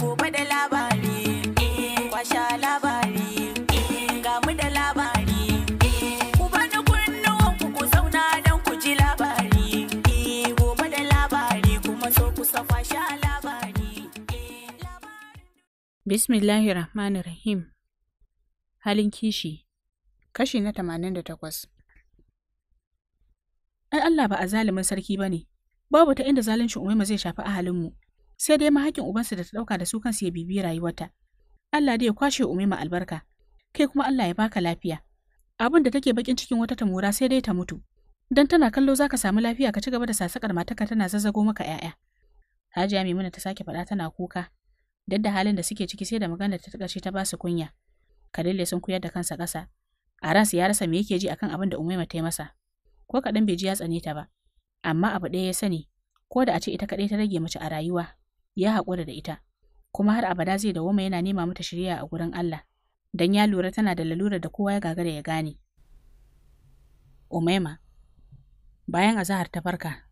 gobe da labari eh, kwasha labari eh, ga mu da labari eh, ku bani kunnuwan ku ku zauna don ku ji labari gobe da labari kuma so ku sa kwasha labari bismillahir rahmanir rahim halin kishi kashi na 88 ai Allah ba a zalimin sarki bane babu ta inda zaluncin umaima zai shafi ahalinmu sai dai mahakin ubansu da ta ɗauka da su kansu ya bibi rayuwarta. Allah dai ya kwashe umima albarka, kai kuma Allah ya baka lafiya. Abin da take bakin cikin wata tamura sai dai ta mutu, dan tana kallo za ka samu lafiya ka ci gaba da sasakar matarka tana zazzago maka ‘ya'ya. Hajiya Maimuna ta sake faɗa tana kuka, duk da halin da suke ciki sai da magana ta ƙarshe ta ba su kunya. Kalile sun kuyar da kansa ƙasa, a ransa ya rasa me yake ji akan abin da Umaima ta yi masa, ko kaɗan bai ji ya tsane ta ba, amma abu ɗaya ya sani, ko da a ce ita kaɗai ta rage mace a rayuwa, ya haƙura da ita kuma har abada zai dawoma yana nema mata shirya a gurin Allah dan ya lura tana da lalura da kowa ya gagara ya gane Umaima bayan azahar ta farka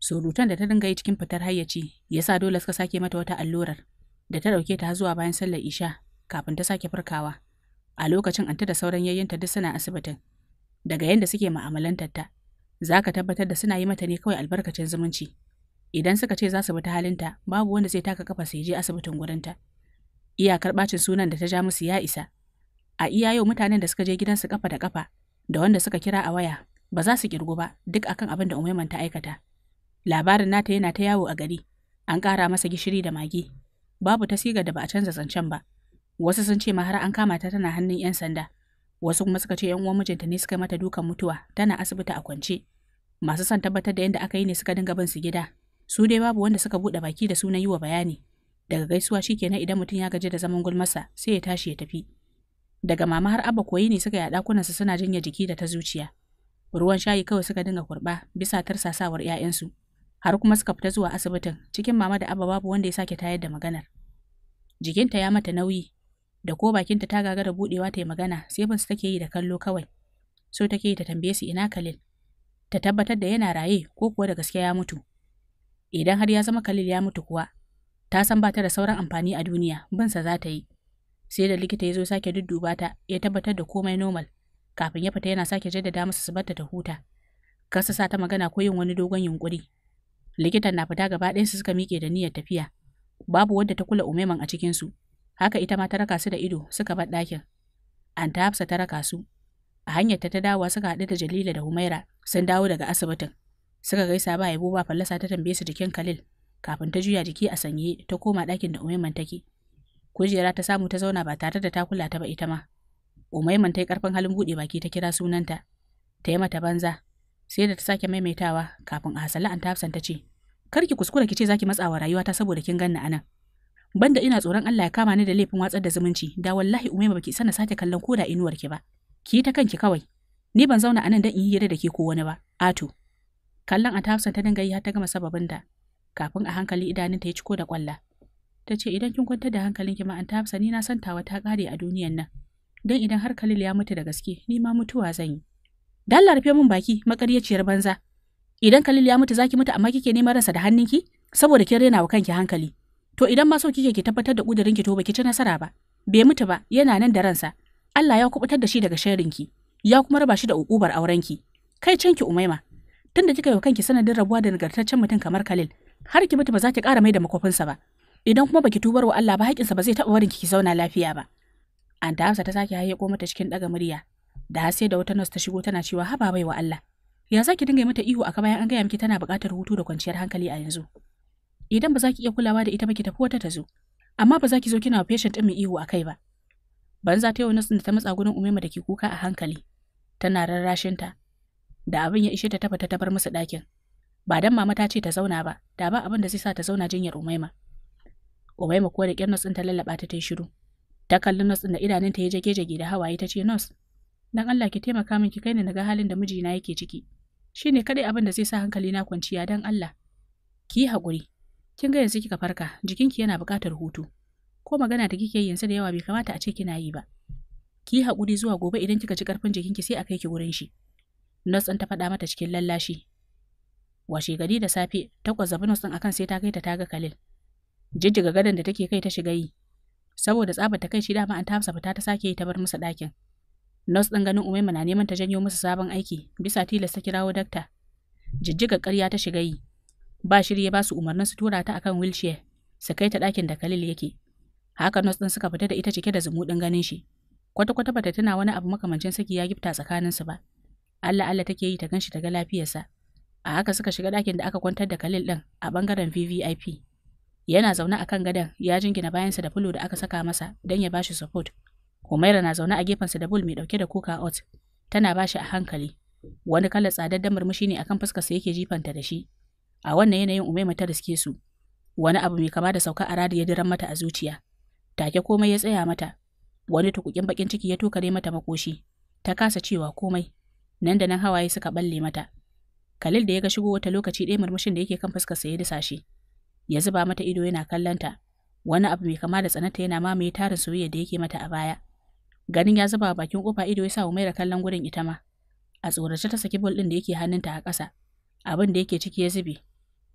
surutan da ta dinga yi cikin fitar hayyaci ya sa dole suka sake mata wata allurar da ta ɗauke ta zuwa bayan sallar isha kafin ta sake farkawa a lokacin anta da sauran yayyanta duk suna asibitin daga yadda suke ma'amalantar ta za ka tabbatar da suna yi mata ne kawai albarkacin zumunci idan suka ce za su bi ta halinta babu wanda zai taka kafa su je asibitin gurinta iyakar bacin sunan da ta ja musu ya isa a iya yau mutanen da suka je gidan su kafa da kafa da wanda suka kira a waya ba za su kirgu ba duk akan abin da umaiman ta aikata labarin nata yana ta yawo a gari an ƙara masa gishiri da magi babu ta siga da ba a canza zancen ba wasu sun ce ma har an kama ta tana hannun 'yan sanda wasu kuma suka ce 'yan uwan mijinta ne suka mata dukan mutuwa tana asibiti a kwance masu son tabbatar da yadda aka yi ne suka dinga bin su gida su dai babu wanda suka buɗe baki da sunan yi wa bayani daga gaisuwa shikenan idan mutum ya gaji da zaman gulmasa sai ya tashi ya tafi daga mama har abba koyi ne suka yada a suna jinya jiki da ta zuciya ruwan shayi kawai suka dinga kurɓa bisa tarsasawar 'ya'yansu har kuma suka fita zuwa asibitin cikin mama da abba babu wanda ya sake tayar da maganar jikinta ya mata nauyi da ko bakinta ta gaga da budewa ta yi magana sai bin su take yi da kallo kawai so take yi ta tambaye su ina kalil ta tabbatar da yana raye ko kuwa da gaske ya mutu Idan har ya zama Khalil ya mutu kuwa, ta san ba ta da sauran amfani a duniya, binsa za ta yi. Sai da likita ya zo sake dudduba ta, ya tabbatar da komai normal, kafin ya fita yana sake jaddada masa su barta ta huta. Kasa sa ta magana ko yin wani dogon yunkuri. Likitan na fita gaba ɗayansu suka miƙe da niyyar tafiya. Babu wanda ta kula umaiman a cikin su haka ita ma ta raka su da ido suka bar ɗakin. Anta Hafsa ta raka su. A hanyar ta ta dawowa suka haɗu da Jalila da Humaira sun dawo daga asibitin. Suka gaisa ba yabo ba fallasa ta tambaye su jikin Khalil kafin ta juya jiki a sanye ta koma ɗakin da Umaiman take. Kujera ta samu ta zauna ba tare da ta kula ta ba ita ma. Umaiman ta yi ƙarfin halin buɗe baki ta kira sunanta. Ta yi mata banza. Sai da ta sake maimaitawa kafin a hasala an tafsan ta ce, Kar ki kuskura ki ce za ki matsawa rayuwata saboda kin ganna anan. Banda ina tsoron Allah ya kama ni da laifin watsar da zumunci, da wallahi Umaima baki sana sake kallon koda inuwar ki ba. Ki ta kanki kawai. Ni ban zauna anan dan in yi hira da ke ko wani ba. Ato. Kallon a tafsa ta dinga yi har ta gama sababin da kafin a hankali idanunta ya ciko da kwalla. Ta ce idan kin kwantar da ki ma an tafsa ni na san tawa ta kare a duniyan nan. Dan idan har Khalil ya mutu da gaske ni ma mutuwa zan yi. Dan larfe min baki makaryaciyar banza. Idan Khalil ya mutu zaki mutu amma kike neman ransa da hannunki saboda kin rena wa kanki hankali. To idan ma so kike ki tabbatar da ki, to baki ci nasara ba. Bai mutu ba yana nan da ransa. Allah ya kubutar da shi daga sharrinki. Ya kuma raba shi da ukubar aurenki. Kai canki Umaima, tunda kika yi wa kanki sanadin rabuwa da nagartaccen mutum kamar Khalil har ki mutu ba za ki kara mai da makofinsa ba idan kuma baki tubar wa Allah ba haƙinsa ba zai taɓa barin ki zauna lafiya ba Anta Hafsa ta sake ko mata cikin ɗaga murya da sai da wata nas ta shigo tana cewa haba bai wa Allah ya za ki dinga mata ihu aka bayan an gaya miki tana buƙatar hutu da kwanciyar hankali a yanzu idan ba za ki iya kulawa da ita ba ki tafi wata ta zo amma ba za ki zo kina wa patient ɗin mai ihu a kai ba banza ta yau wani da ta matsa gurin umema da ke kuka a hankali tana rarrashin ta da abin ya ishe ta tafata ta bar musu ɗakin. Ba dan mama ta ce ta zauna ba, da ba abin da zai sa ta zauna jinyar Umaima. Umaima kuwa da ƙyar nos ta lallaɓa ta ta shiru. Ta kalli nos ɗin da idanunta ya jage-jage da hawaye ta ce nos. Dan Allah ki taimaka min ki kai ni na ga halin da mijina yake ciki. Shi ne kadai abin da zai sa hankali na kwanciya dan Allah. Ki yi haƙuri. Kin ga yanzu kika farka, jikinki yana buƙatar hutu. Ko magana da kike yanzu da yawa bai kamata a ce kina yi ba. Ki yi haƙuri zuwa gobe idan kika ji ƙarfin jikinki sai a kai ki wurin shi. Nurse ɗin ta faɗa mata cikin lallashi. Washe gari da safe, Takwas kwazzabi nurse ɗin akan sai ta kai ta taga Khalil. Jijjiga gadon da take kai ta shiga yi. Saboda tsabar ta kai shi dama an ta hamsa fita ta sake yi ta bar musu ɗakin. Nurse ɗin ganin Umaima na neman ta janyo musu sabon aiki, bisa tilasta ta kirawo dakta. Jijjiga ƙarya ta shiga yi. Ba shirye ba su umarnin su tura ta akan wheelchair, su kai ta ɗakin da Khalil yake. Haka nurse ɗin suka fita da ita cike da zumuɗin ganin shi. Kwata-kwata bata tuna wani abu makamancin saki ya gifta tsakaninsu ba. Allah Allah take yi ta ganshi daga lafiyarsa. A haka suka shiga ɗakin da aka kwantar da Khalil ɗin a ɓangaren VVIP. Yana zaune a kan gadon ya jingina bayansa da fulo da aka saka masa don ya bashi support. Humaira na zaune a sa da bul mai ɗauke da kuka out. Tana bashi a hankali. Wani kalar tsadaddan murmushi ne akan fuskarsa yake jifanta da shi. A wannan yanayin Umaima ta riske su. Wani abu mai kama da sauka a radi ya diran mata a zuciya. Take komai ya tsaya mata. Wani tukukin bakin ciki ya tukare mata makoshi. Ta kasa cewa komai. nan da nan hawaye suka balle mata Khalil da ya ga shigo wata lokaci ɗaya murmushin da yake kan fuskar sa ya disa shi ya zuba mata ido yana kallanta wani abu mai kama da tsananta yana mamaye tarin soyayya da yake mata a baya ganin ya zuba bakin kofa ido ya sa Umaira kallon gurin ita ma a tsorace ta saki bol din da yake hannunta a ƙasa abin da yake ciki ya zube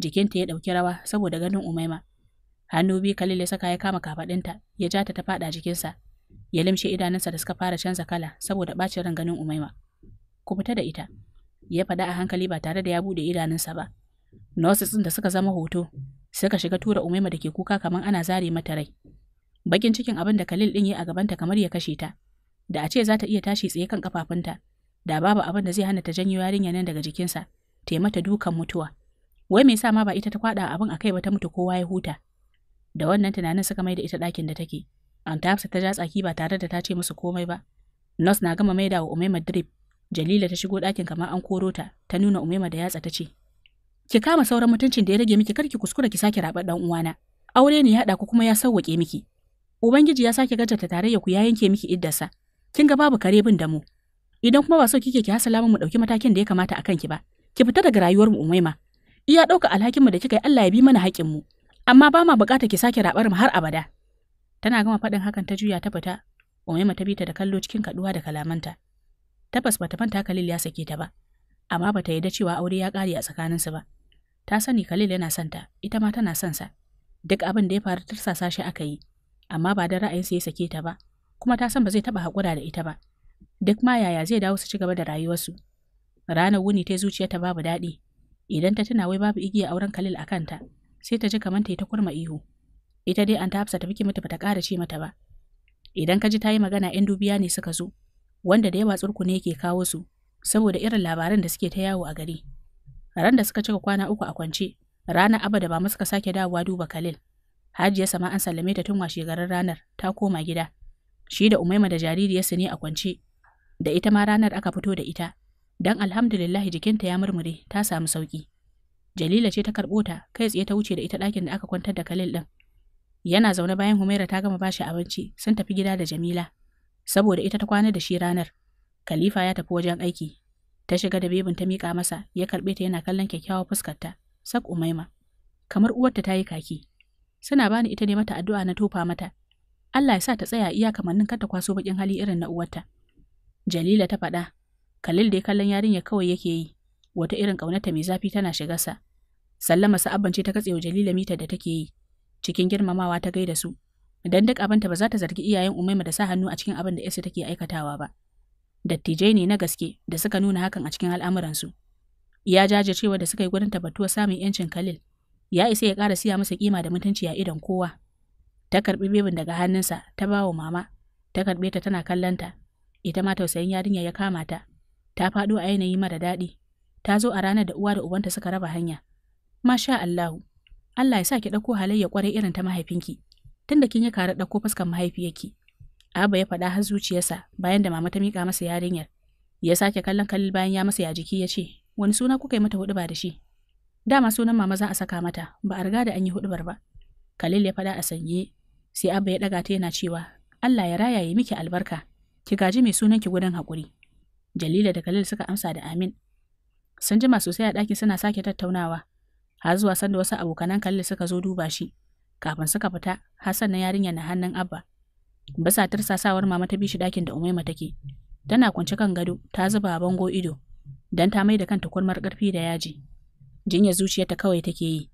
jikinta ya ɗauki rawa saboda ganin Umaima hannu biyu Khalil ya saka ya kama kafaɗinta ya ja ta ta faɗa jikinsa ya limshe idanunsa da suka fara canza kala saboda ɓacin ran ganin Umaima ku fita da ita ya faɗa a hankali ba tare da ya buɗe idanunsa ba nurses ɗin da suka zama hoto suka shiga tura umaima da ke kuka kamar ana zare mata rai bakin cikin abin da Khalil din ya a gabanta kamar ya kashe ta da a ce za ta iya tashi tsaye kan kafafunta da babu abin da zai hana ta janyo yarinya nan daga jikinsa ta mata dukan mutuwa wai me yasa ma ba ita ta kwada abin akai ba ta mutu kowa ya huta da wannan tunanin suka mai da ita ɗakin da take. Antafsa ta ja tsaki ba tare da ta ce musu komai ba. Nos na gama maida wa Umaima drip Jalila ta shigo ɗakin kamar an koro ta, ta nuna Umaima da yatsa ta ce, Ki kama sauran mutuncin da ya rage miki kar ki kuskura ki sake raɓar ɗan uwana. Aure ne ya haɗa ku kuma ya sauwake miki. Ubangiji ya sake tare ya ku ya yanke miki iddarsa. Kin ga babu kare bin da mu. Idan kuma ba so kike ki hasala mu ɗauki matakin da ya kamata akan ki ba. Ki fita daga rayuwar mu Umaima. Iya ɗauka alhakin mu da kika yi Allah ya bi mana haƙin mu. Amma ba ma buƙata ki sake raɓar mu har abada. Tana gama faɗin hakan ta juya ta fita. Umaima ta bi ta da kallo cikin kaɗuwa da kalamanta. Tabbas bata manta Khalil ya sake ta ba, amma bata yarda cewa aure ya kare a tsakaninsu ba. Ta sani Khalil yana son ta, ita ma tana son sa. Duk abin da ya faru tursasa shi aka yi, amma ba da ra'ayin sa ya sake ta ba, kuma ta san ba zai taɓa hakura da ita ba. Duk ma yaya zai dawo su ci gaba da rayuwarsu. Ranar wuni ta zuciyarta babu daɗi, idan ta tuna wai babu igiya auren Khalil a kanta, sai ta ji kamar ta yi ta kurma ihu. Ita dai an ta hafsa ta biki mata bata ƙara ce mata ba. Idan ka ji ta yi magana ‘yan dubiya ne suka zo, wanda da yawa tsurku ne yake kawo su saboda irin labaran da suke ta yawo a gari. Ran da suka cika kwana uku a kwance, rana abada ba mu suka sake dawowa duba Khalil. Hajiya sama an sallame ta tun washe garin ranar ta koma gida. Shi da Umaima da jaririyarsa ne a kwance, da ita ma ranar aka fito da ita, don alhamdulillah jikinta ya murmure ta samu sauki. Jalila ce ta karɓo ta kai tsaye ta wuce da ita ɗakin da aka kwantar da Khalil ɗin. Yana zaune bayan Humaira ta gama bashi abinci sun tafi gida da Jamila. saboda ita ta kwana da shi ranar. Khalifa ya tafi wajen aiki. Ta shiga da bebin ta miƙa masa, ya karɓe ta yana kallon kyakkyawar fuskarta, sak umaima. Kamar uwarta ta yi kaki. Suna bani ita ne mata addu'a na tofa mata. Allah ya sa ta tsaya iya kamannin kar ta kwaso baƙin hali irin na uwarta. Jalila ta faɗa, Khalil dai kallon yarinya kawai yake yi, wata irin ƙaunata mai zafi tana shigarsa. Sallama sa'abban ce ta katse wa Jalila mita da take yi, cikin girmamawa ta gaida su, dan duk abinta ba za ta zargi iyayen Umaima da sa hannu a cikin abin da Esa take aikatawa ba. Dattijai ne na gaske da suka nuna hakan a cikin al'amuransu. Ya jajircewa da suka yi gurin tabbatuwa samun 'yancin Khalil, ya isa ya ƙara siya masa kima da mutunci a idon kowa. Ta karɓi bebin daga hannunsa, ta ba wa mama, ta karɓe ta tana kallonta, ita ma tausayin yarinya ya kama ta, ta faɗo a yanayi mara daɗi, ta zo a ranar da uwa da ubanta suka raba hanya. Masha Allahu, Allah ya sa ki ɗauko halayya ƙwarai irin ta mahaifinki. tunda kin yi kare ɗauko fuskar mahaifiyarki. Aba ya faɗa har zuciyarsa bayan da mama ta miƙa masa yarinyar. Ya sake kallon Khalil bayan ya masa ya jiki ya ce, "Wani suna kuka yi mata huɗuba da shi?" Dama sunan mama za a saka mata, ba a riga da an yi huɗubar ba. Khalil ya faɗa a sanye, sai Abba ya ɗaga ta yana cewa, "Allah ya raya ya miki albarka, ki gaji mai sunan ki gudan haƙuri." Jalila da Khalil suka amsa da amin. Sun jima sosai a ɗakin suna sake tattaunawa, har zuwa sanda wasu abokanan Khalil suka zo duba shi. kafin suka fita hassan na yarinya na hannun abba basa tirsasawar mama ta bishi dakin da umaima take tana kwance kan gado ta zuba bango ido dan ta mai da kanta kurmar karfi da yaji jinya zuciyarta kawai take yi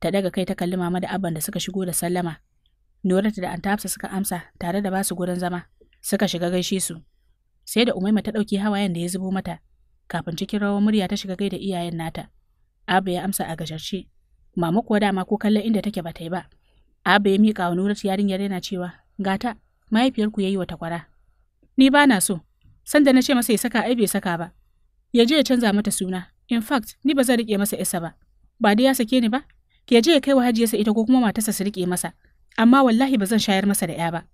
ta daga kai ta kalli mama da abban da suka shigo da sallama norata da antafsa suka amsa tare da basu gurin zama suka shiga gaishe su sai da umaima ta ɗauki hawayen da ya zubo mata kafin cikin rawar murya ta shiga gaida iyayen nata Abba ya amsa a gasharshe. Mama kuwa dama ko kallon inda take ba ta yi ba. Abba ya miƙa wa Nuratu yarinyar yana cewa, Gata, mahaifiyarku ya yi wa takwara. Ni ba na so, sanda na ce masa ya saka ai bai saka ba. Ya je ya canza mata suna, in fact, ni ba zan riƙe masa isa ba. Ba dai ya sake ni ba, ya je ya kai wa hajiyarsa ita ko kuma matarsa su riƙe masa, amma wallahi ba zan shayar masa da ‘ya ba.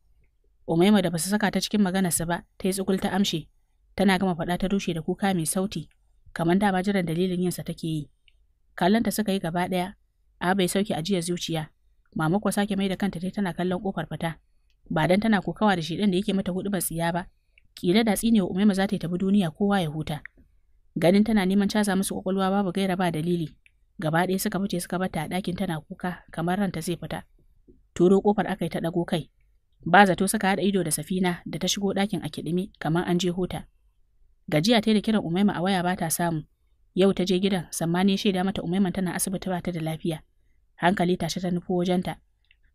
Umaima da ba su saka ta cikin maganarsa ba, ta yi tsugul ta amshe, tana gama faɗa ta rushe da kuka mai sauti, kamar dama jiran dalilin yinsa take yi. Kallanta suka yi gaba ɗaya, a bai sauke ajiyar zuciya, mama kuwa sake mai da kanta dai tana kallon kofar fita ba dan tana kokawa da shi shedan da yake mata hudu ba tsiya ba kila da tsinewa umaima za ta tafi duniya kowa ya huta ganin tana neman caza musu kokolwa babu gaira ba dalili gaba ɗaya suka fice suka bata a ɗakin tana kuka kamar ranta zai fita turo kofar aka yi ta dago kai ba zato suka haɗa ido da safina da ta shigo ɗakin a kiɗimi kamar an je hota gajiya ta da kiran umaima a waya ba ta samu yau ta je gidan sammani shaida mata umaiman tana asibiti ba ta da lafiya hankali tashi ta nufo wajenta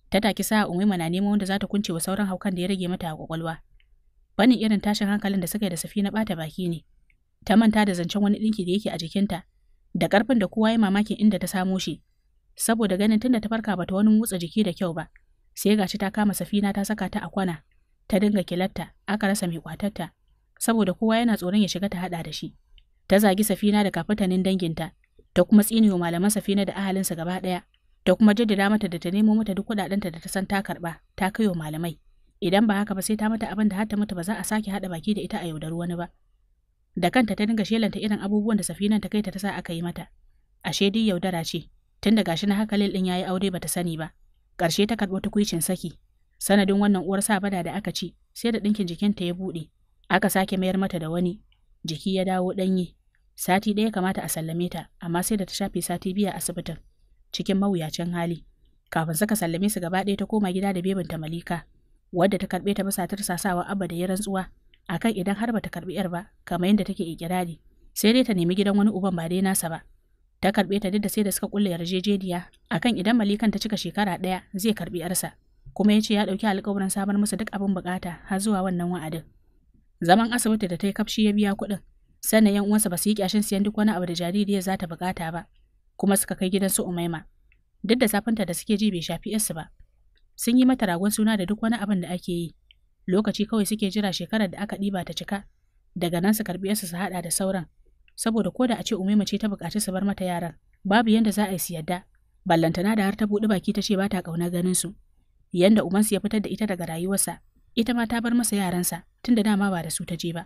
ta taki sa umaima na neman wanda za ta kunce wa sauran haukan da ya rage mata a kwakwalwa banin irin tashin hankalin da suka yi da safi na bata baki ne ta manta da zancen wani ɗinki da yake a jikinta da karfin da kowa ya mamakin inda ta samo shi saboda ganin tunda ta farka bata wani motsa jiki da kyau ba sai gashi ta kama safina ta saka ta a kwana ta dinga kilatta aka rasa mai kwatarta saboda kowa yana tsoron ya shiga ta hada da shi ta zagi safina da kafatanin danginta ta kuma tsinewa malaman safina da ahalinsa gaba daya ta kuma jaddada mata da ta nemo mata duk kuɗaɗenta da ta san ta karba. ta kaiwa malamai idan ba haka ba sai ta mata abin da har ta mutu ba za a sake haɗa baki da ita a yaudaru wani ba da kanta ta dinga shelanta irin abubuwan da safinan ta kai ta sa aka yi mata ashe dai yaudara ce tun da gashi na haka hakalin din yayi aure ba ta sani ba Karshe ta karɓi tukuicin saki sanadin wannan uwar sa bada da aka ci sai da ɗinkin jikinta ya buɗe aka sake mayar mata da wani jiki ya dawo danye sati ɗaya kamata a sallame ta amma sai da ta shafe sati biya asibitin cikin mawuyacin hali. Kafin suka sallame su gaba ɗaya ta koma gida da bebinta Malika, wadda ta karɓe ta bisa tursasawa Abba da ya rantsuwa akan idan har ba ta karɓi yar ba kamar yadda take ikirari sai dai ta nemi gidan wani uban ba dai nasa ba. Ta karɓe ta duk da sai da suka kulle yarjejeniya akan idan Malikan ta cika shekara ɗaya zai karɓi yarsa. Kuma ya ce ya ɗauki alƙawarin samar musu duk abin bukata har zuwa wannan wa'adin. Zaman asibiti da ta yi kafshi ya biya kuɗin, sannan 'yan uwansa ba su yi kyashin siyan duk wani abu da jaririyar za ta bukata ba, kuma suka kai gidan su Umaima. Duk da zafinta da suke ji bai shafi yarsu ba. Sun yi mata ragon suna da duk wani abin da ake yi. Lokaci kawai suke jira shekarar da aka ɗiba ta cika. Daga nan su karɓi yarsu su haɗa da sauran. Saboda ko da a ce Umaima ce ta buƙaci su bar mata yaran, babu yanda za a yi su yadda. Ballantana da har ta buɗe baki ta ce ba ta ƙauna ganin su. Yanda ubansu ya fitar da ita daga rayuwarsa, ita ma ta bar masa yaransa tunda dama ba da su ta je ba.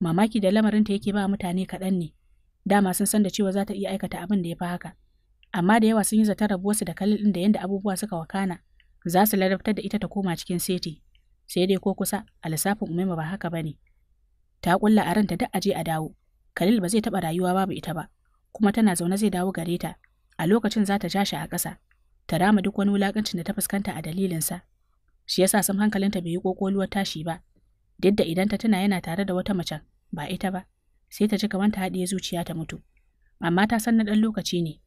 Mamaki da lamarinta yake ba mutane kaɗan ne. dama sun san da cewa za ta iya aikata abin da ya fi haka amma da yawa sun yi zaton rabuwarsu da kalil ɗin da yadda abubuwa suka wakana za su ladabtar da ita ta koma cikin seti sai dai ko kusa a lissafin umema ba haka bane ta kulla a ranta duk aje a dawo kalil ba zai taɓa rayuwa babu ita ba kuma tana zaune zai dawo gare ta a lokacin za ta ja shi a ƙasa ta rama duk wani wulaƙancin da ta fuskanta a dalilinsa shi yasa sun hankalinta bai yi ƙoƙoluwar tashi ba duk da idan ta tuna yana tare da wata macen ba ita ba sai ta ji kamar ta haɗiye zuciya ta mutu. Amma ta san na ɗan lokaci ne.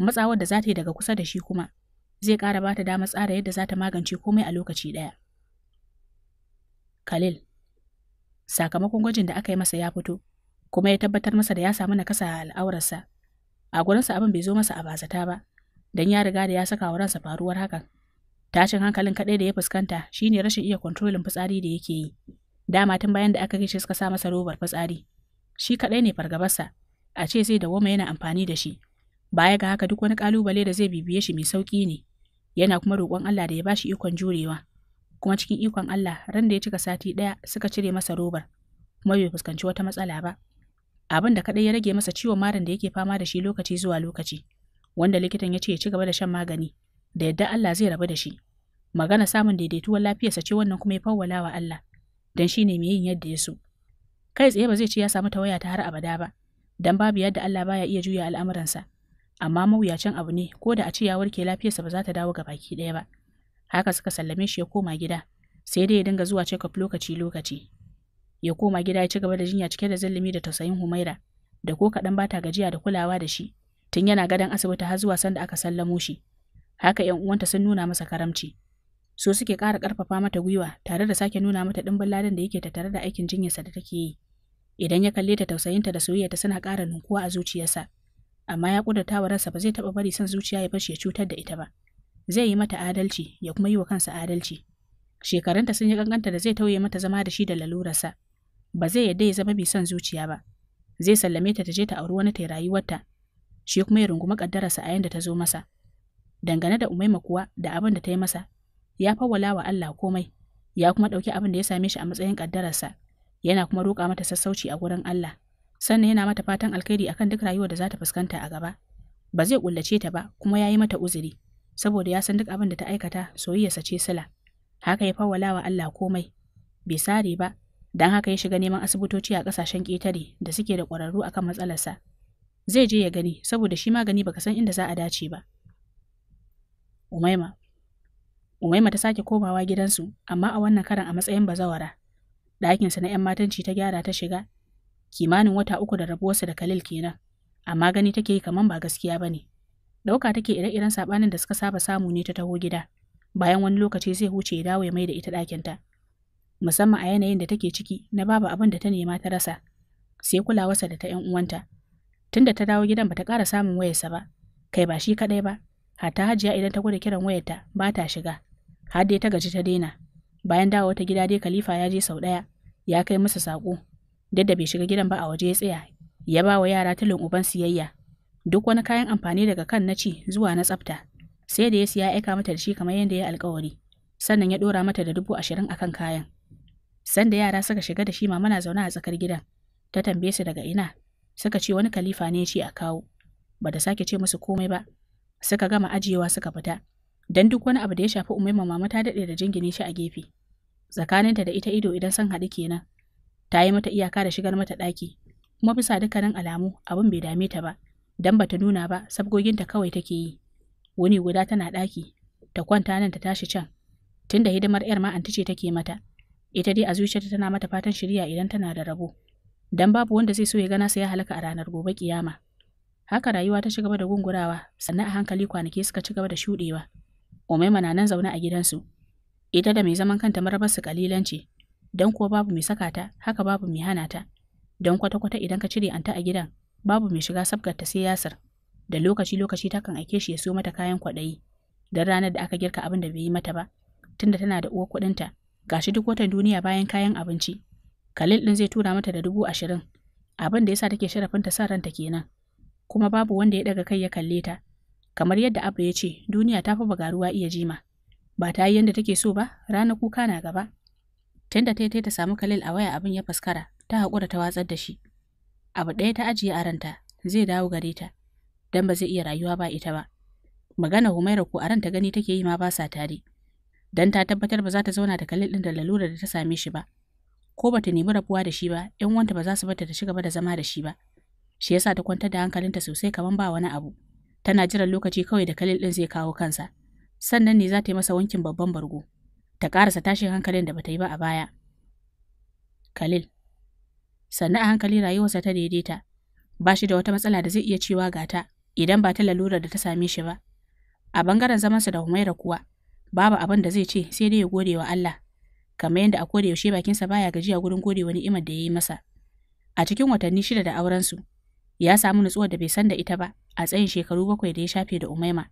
Matsawar da za ta yi daga kusa da shi kuma zai ƙara ba ta damar tsara yadda za ta magance komai a lokaci ɗaya. Khalil Sakamakon gwajin da aka yi masa ya fito, kuma ya tabbatar masa da ya samu nakasa a al'aurarsa. A gurinsa abin bai zo masa a bazata ba, don ya riga da ya saka wa ransa faruwar hakan. Tashin hankalin kaɗai da ya fuskanta shine rashin iya kontrolin fitsari da yake yi. Dama tun bayan da aka kai suka sa masa robar fitsari, shi kaɗai ne fargabarsa a ce zai woma yana amfani da shi baya ga haka duk wani kalubale da zai bibiye shi mai sauƙi ne yana kuma roƙon Allah da ya bashi ikon jurewa kuma cikin ikon Allah ran da ya cika sati ɗaya suka cire masa robar kuma bai fuskanci wata matsala ba abin da kaɗai ya rage masa ciwon marin da yake fama da shi lokaci zuwa lokaci wanda likitan ya ce ya ci gaba da shan magani da yadda Allah zai rabu da shi magana samun daidaituwar lafiyarsa ce wannan kuma ya fawwala wa Allah dan ne mai yin yadda ya so kai tsaye ba zai ce ya samu tawaya ta har abada ba dan babu yadda Allah baya iya juya al'amuransa amma mawuyacin abu ne ko da a ce ya warke lafiyarsa ba za ta dawo ga baki ɗaya ba haka suka sallame shi ya koma gida sai dai ya dinga zuwa check lokaci-lokaci ya koma gida ya ci gaba da jinya cike da zallumi da tausayin Humaira da ko kaɗan bata gajiya da kulawa da shi tun yana gadon asibiti har zuwa sanda aka sallamo shi haka yan uwanta sun nuna masa karamci so suke ƙara ƙarfafa mata gwiwa tare da sake nuna mata ɗimbin ladan da yake tattare da aikin jinyarsa da take yi Idan ya kalle ta tausayinta da soyayyarta suna ƙara ninkuwa a zuciyarsa, amma ya ƙudurta wa ransa ba zai taɓa bari son zuciya ya bashi ya cutar da ita ba. Zai yi mata adalci ya kuma yi wa kansa adalci. Shekarunta sun yi ƙanƙanta da zai tauye mata zama da shi da lalurarsa. Ba zai yadda ya zama bi son zuciya ba. Zai sallame ta ta je ta auri wani ta rayuwarta. Shi kuma ya rungumi ƙaddararsa a yanda ta zo masa. Dangane da Umaima kuwa da abin da ta yi masa, ya fawwala wa Allah komai, ya kuma ɗauki abin da ya same shi a matsayin ƙaddararsa. yana kuma roƙa mata sassauci a gurin Allah sannan yana mata fatan alkhairi akan duk rayuwar da za ta fuskanta a gaba ba zai kullace ta ba kuma ya yi mata uzuri saboda ya san duk abin da ta aikata soyayya sace sila haka ya fawwala wa Allah komai bai sare ba dan haka ya shiga neman asibitoci a kasashen ƙetare da suke da ƙwararru akan matsalarsa zai je ya gani saboda shi magani baka san inda za a dace ba Umaima Umaima ta sake komawa gidansu amma a wannan karan a matsayin bazawara ɗakinsa na 'yan matanci ta gyara ta shiga, kimanin wata uku da rabuwarsa da kalil kenan, amma gani take yi kaman ba gaskiya ba ne. Ɗauka take ire-iren saɓanin da suka saba samu ne ta taho gida, bayan wani lokaci zai huce ya dawo ya mai da ita ɗakinta. Musamman a yanayin da take ciki na babu abin da ta nema ta rasa, sai kulawarsa da ta 'yan uwanta. Tunda ta dawo gidan ba ta ƙara samun wayarsa ba, kai ba shi kaɗai ba, hatta hajiya idan ta gwada kiran wayarta ba ta shiga, har dai ta gaji ta daina, Bayan dawo wata gida dai Khalifa ya je sau ɗaya, ya kai masa sako. duk da bai shiga gidan ba a waje ya tsaya, ya ba wa yara tulun uban siyayya. Duk wani kayan amfani daga kan na ci zuwa na tsafta, sai da ya siya aika mata da shi kamar yadda ya alkawari, sannan ya dora mata da dubu ashirin a kan kayan. Sanda yara suka shiga da shi mama na zaune a tsakar gidan, ta tambaye su daga ina, suka ce wani Khalifa ne ya ce a kawo, ba sake ce musu komai ba, suka gama ajiyewa suka fita. don duk wani abu da ya shafi umaima mama ta daɗe da jingine shi a gefe tsakaninta da ita ido idan san haɗu kenan ta yi mata iyaka da shigar mata ɗaki kuma bisa dukkanin alamu abun bai dame ta ba dan bata nuna ba sabgoginta kawai take yi wuni guda tana ɗaki ta kwanta nan ta tashi can tunda hidimar yar ma anti ce take mata ita dai a zuciyarta tana mata fatan shiriya idan tana da rabo dan babu wanda zai so ya gana sai ya halaka a ranar gobe kiyama haka rayuwa ta ci gaba da gungurawa sannan a hankali kwanaki suka ci gaba da shuɗewa Umaima na nan zaune a gidansu. Ita da mai zaman kanta marabar su kalilanci. don kuwa babu mai saka ta, haka babu mai hana ta. Don kwata-kwata idan ka cire anta a gidan, babu mai shiga ta sai Yasir. Da lokaci-lokaci takan aike shi ya siyo mata kayan kwaɗayi. Don ranar da aka girka abin da bai yi mata ba, tunda tana da uwar kuɗinta, gashi duk watan duniya bayan kayan abinci. Khalil ɗin zai tura mata da dubu ashirin, abin da ya sa take sharafinta sa ranta kenan. Kuma babu wanda ya ɗaga kai ya kalle ta, Kamar yadda abu ya ce, duniya ta fi bagaruwa iya jima. Ba ta yi yadda take so ba, rana kuka na gaba. Tunda ta ta samu kalil a waya abin ya faskara, ta haƙura ta watsar da shi. Abu ɗaya ta ajiye a ranta, zai dawo gare ta, Dan ba zai iya rayuwa ba ita ba. Magana Humaira ko a ranta gani take yi ma ba sa tare. Dan ta tabbatar ba za ta zauna da kalil ɗin da lalura da ta same shi ba. Ko ba ta nemi rabuwa da shi ba, ‘yan wanta ba za su bata ta ci gaba da zama da shi ba. Shi yasa ta kwantar da hankalinta sosai kamar ba wani abu. Tana jiran lokaci kawai da Kalil ɗin zai kawo kansa. Sannan ne za ta yi masa wankin babban bargo. Ta ƙarasa tashin hankalin da bata yi ba a baya. Kalil. Sannan a hankali rayuwarsa ta daidaita. Ba shi da wata matsala da zai iya cewa gata idan ba ta lalurar da ta same shi ba. A bangaren zamansa da Humaira kuwa, babu abin da zai ce sai dai ya gode wa Allah, kamar yadda a koda yaushe bakinsa baya gajiya gurin gode wa ni'imar da ya yi masa. A cikin watanni shida da aurensu, ya samu nutsuwar da bai san da ita ba, a tsayin shekaru bakwai da ya shafe da Umaima.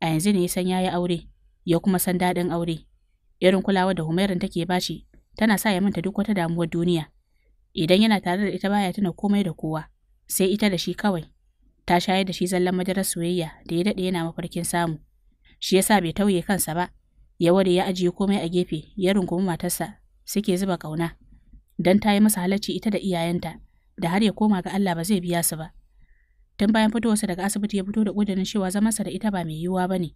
A yanzu ne ya san ya aure, ya kuma san daɗin aure. Irin kulawa da Humairan take bashi tana sa ya manta duk wata damuwar duniya. Idan yana tare da ita baya tana komai da kowa, sai ita da shi kawai. Ta shayar da shi zallan madarar soyayya da ya daɗe yana mafarkin samu. Shi yasa bai tauye kansa ba, ya ware ya ajiye komai a gefe, ya rungumi matarsa, suke zuba ƙauna. Dan ta yi masa halacci ita da iyayenta, da har ya koma ga Allah ba zai biya su ba. Tun bayan fitowarsa daga asibiti ya fito da ƙudurin cewa zamansa da ita ba mai yiwuwa ba ne,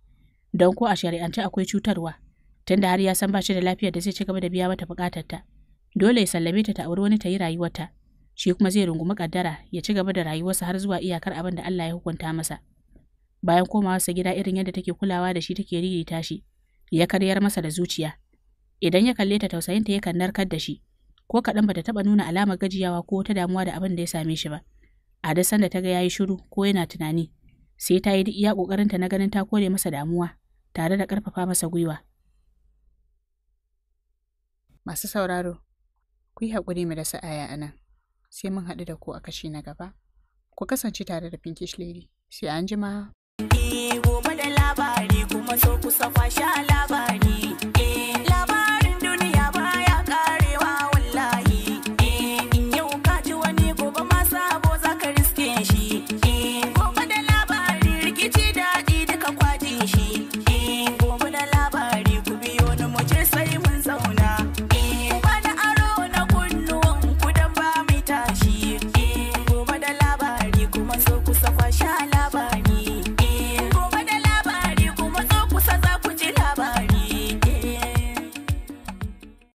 don ko a shari'ance akwai cutarwa, tunda har ya san ba shi da lafiyar da zai ci gaba da biya mata buƙatarta. Dole ya sallame ta ta auri wani ta yi rayuwarta, shi kuma zai rungumi kaddara ya ci gaba da rayuwarsa har zuwa iyakar abin da Allah ya hukunta masa. Bayan komawarsa gida irin yadda take kulawa da shi take ririta shi, ya karyar masa da zuciya. Idan ya kalle ta tausayinta yakan narkar da shi, ko kaɗan bata taɓa nuna alamar gajiyawa ko ta damuwa da abin da ya same shi ba. A da sanda ta ga yayi shiru ko yana tunani, sai ta yi duk iya kokarinta na ganin ta kore masa damuwa tare da karfafa masa gwiwa. Masu sauraro, ku yi haƙuri mu da aya a nan, sai mun haɗu da ku a kashi na gaba. Ku kasance tare da Pinkish Lady, sai an jima. Eh, gobe labari kuma so labari. Eh.